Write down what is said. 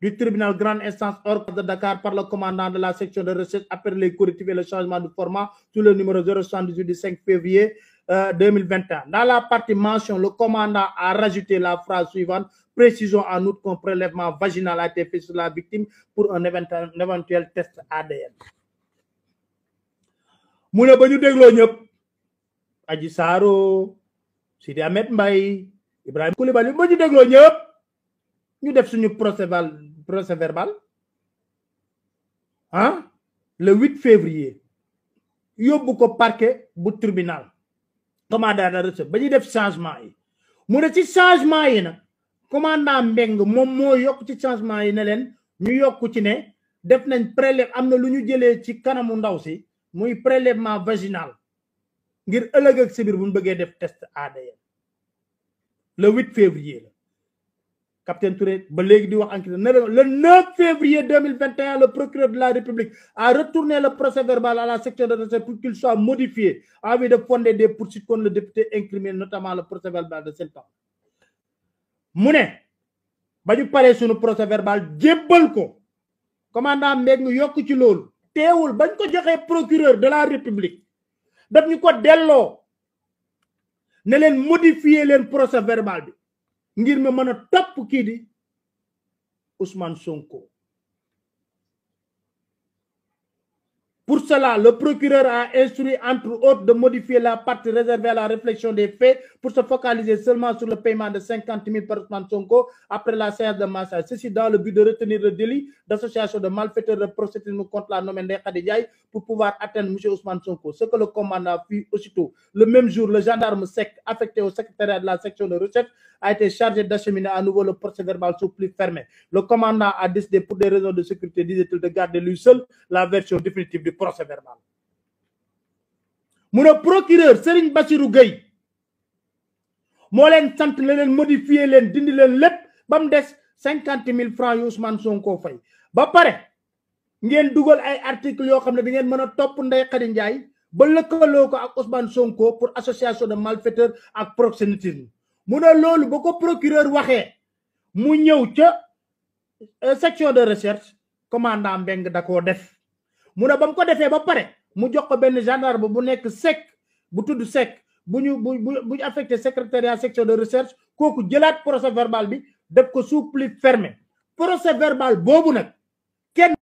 du tribunal grande instance hors de Dakar par le commandant de la section de recherche après les correctifs et le changement de format sous le numéro 078 du 5 février 2021. Euh, Dans la partie mention, le commandant a rajouté la phrase suivante. Précisons en outre qu'un prélèvement vaginal a été fait sur la victime pour un éventuel, test ADN. Nous devons nous Mbaye procès verbal hein le 8 février yóbbu ko parquet bu tribunal commandant de recherche a def changement yi mu ci changement commandant il y a changement yi y ñu a ci def nañ un prélèvement vaginal le 8 février le 9 février 2021 le procureur de la République a retourné le procès verbal à la section de recherche pour qu'il soit modifié en vue de fonder des poursuites contre le député incriminé notamment le procès verbal de Sentap ans. je vais parler sur le procès verbal jébbal ko commandant Mbengue nous le ci bañ procureur de la République daf ko ne modifier le procès verbal ngir ma mën a topp kii di Ousmane Sonko cela, le procureur a instruit, entre autres, de modifier la partie réservée à la réflexion des faits pour se focaliser seulement sur le paiement de 50 000 par Ousmane Sonko après la séance de massage. Ceci dans le but de retenir le délit d'association de malfaiteurs de procédure contre la nommée Khadijaï pour pouvoir atteindre M. Ousmane Sonko. Ce que le commandant fit aussitôt. Le même jour, le gendarme sec affecté au secrétariat de la section de recherche a été chargé d'acheminer à nouveau le procès verbal sous plus fermé. Le commandant a décidé, pour des raisons de sécurité, disait de garder lui seul la version définitive du procès. procès verbal mu ne procureur Serigne Bassirou Gueye moo leen sant la leen modifier leen dindi leen lépp ba mu des cinquante 000 francs yu Ousmane Sonko fay ba pare ngeen dugal ay article yoo xam ne di ngeen mën a topp Ndeye Khady ba lëkkaloo ko ak Ousmane Sonko pour association de malfaiteurs ak proxénétisme mu ne loolu ba ko procureur waxee mu ñëw ca euh, section de recherche commandant Mbeng da koo def mu ne bam ko defé ba paré mu jox ko ben gendarme bu nek sec bu tuddu sec buñu buñu bu bu ñu affecté secrétariat section de recherche koku jëlat procès verbal bi def ko souple fermé procès verbal bobu nak